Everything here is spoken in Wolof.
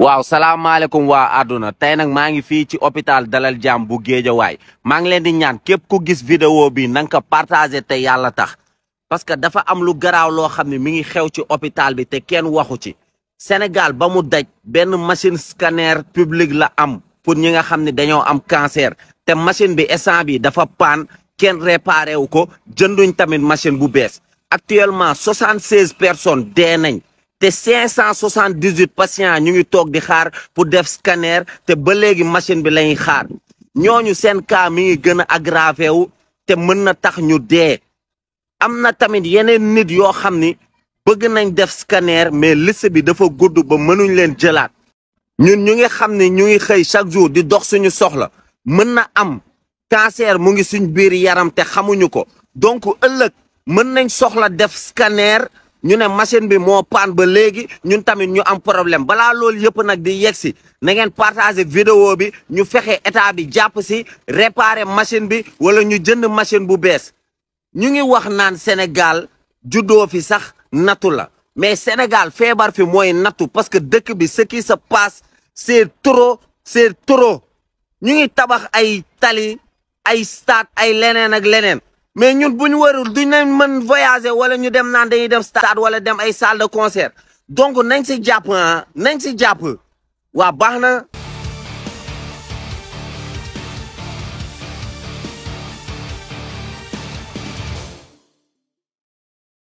waaw salaamaaleykum waa àdduna tey nag maa ngi fii ci hopital Dalal Jàmm bu Géejawaay maa ngi leen di ñaan képp ku gis vidéo bi na nga ko partagé te yàlla tax parce que dafa am lu garaaw loo xam ne mi ngi xew ci hopital bi te kenn waxu ci Sénégal ba mu daj benn machine scanner public la am pour ñi nga xam ni dañoo am cancer te machine bi instant bi dafa pan kenn réparé wu ko jënduñ tamit machine bu bees actuellement soixante seize personnes dee nañ te 578 patients ñu ngi toog di xaar pour def scanner te ba léegi machine bi lañuy xaar ñooñu seen cas mi ngi gën a aggravé wu te mën na tax ñu dee am na tamit yeneen nit yoo xam ni bëgg nañ def scanner mais lisse bi dafa gudd ba mënuñ leen jëlaat ñun ñu ngi xam ne ñu ngi xëy chaque jour di dox suñu soxla mën na am cancer mu ngi suñ biir yaram te xamuñu ko donc ëllëg mën nañ soxla def scanner ñu ne machine bi moo paan ba léegi ñun tamit ñu am problème balaa loolu yëpp nag di yegg si na ngeen partager vidéo bi ñu fexe état bi jàpp si réparer machine bi wala ñu jënd machine bu bees ñu ngi wax naan Sénégal juddoo fi sax nattu la mais Sénégal feebar fi mooy nattu parce que dëkk bi ce qui se passe c'est trop c'est trop ñu ngi tabax ay tali ay state ay leneen ak leneen mais ñun bu ñu warul duñ leen mën voyager wala ñu dem naan dañuy dem stade wala dem ay salle de concert donc nañ si jàpp ah nañ si jàpp waa baax